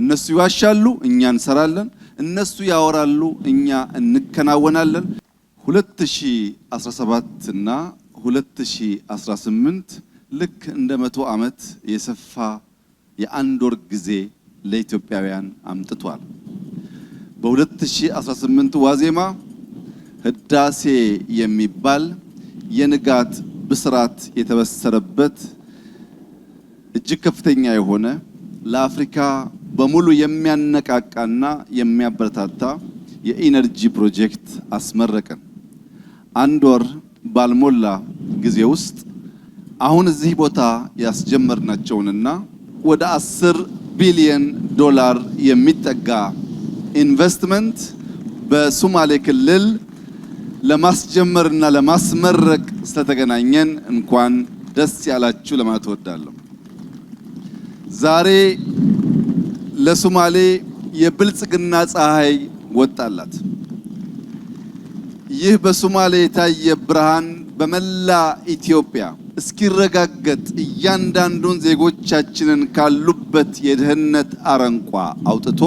እነሱ ይዋሻሉ፣ እኛ እንሰራለን። እነሱ ያወራሉ፣ እኛ እንከናወናለን። 2017 እና 2018 ልክ እንደ መቶ ዓመት የሰፋ የአንድ ወር ጊዜ ለኢትዮጵያውያን አምጥቷል። በ2018 ዋዜማ ህዳሴ የሚባል የንጋት ብስራት የተበሰረበት እጅግ ከፍተኛ የሆነ ለአፍሪካ በሙሉ የሚያነቃቃና የሚያበረታታ የኢነርጂ ፕሮጀክት አስመረቅን። አንድ ወር ባልሞላ ጊዜ ውስጥ አሁን እዚህ ቦታ ያስጀመርናቸውንና ወደ አስር ቢሊየን ዶላር የሚጠጋ ኢንቨስትመንት በሶማሌ ክልል ለማስጀመርና ለማስመረቅ ስለተገናኘን እንኳን ደስ ያላችሁ ለማለት እወዳለሁ። ዛሬ ለሶማሌ የብልጽግና ፀሐይ ወጣላት። ይህ በሶማሌ የታየ ብርሃን በመላ ኢትዮጵያ እስኪረጋገጥ እያንዳንዱን ዜጎቻችንን ካሉበት የድህነት አረንቋ አውጥቶ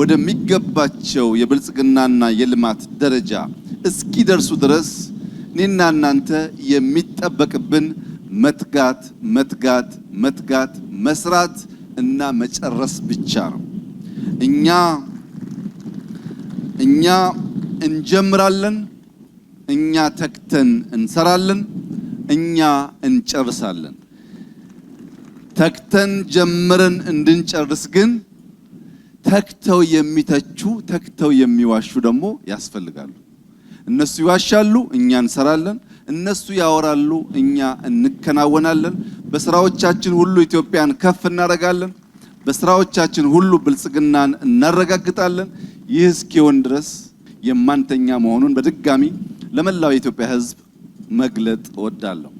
ወደሚገባቸው የብልጽግናና የልማት ደረጃ እስኪደርሱ ድረስ እኔና እናንተ የሚጠበቅብን መትጋት መትጋት መትጋት መስራት እና መጨረስ ብቻ ነው። እኛ እኛ እንጀምራለን፣ እኛ ተክተን እንሰራለን፣ እኛ እንጨርሳለን። ተክተን ጀምረን እንድንጨርስ ግን ተክተው የሚተቹ ተክተው የሚዋሹ ደግሞ ያስፈልጋሉ። እነሱ ይዋሻሉ፣ እኛ እንሰራለን። እነሱ ያወራሉ፣ እኛ እንከናወናለን። በስራዎቻችን ሁሉ ኢትዮጵያን ከፍ እናደርጋለን። በስራዎቻችን ሁሉ ብልጽግናን እናረጋግጣለን። ይህ እስኪሆን ድረስ የማንተኛ መሆኑን በድጋሚ ለመላው የኢትዮጵያ ሕዝብ መግለጥ እወዳለሁ።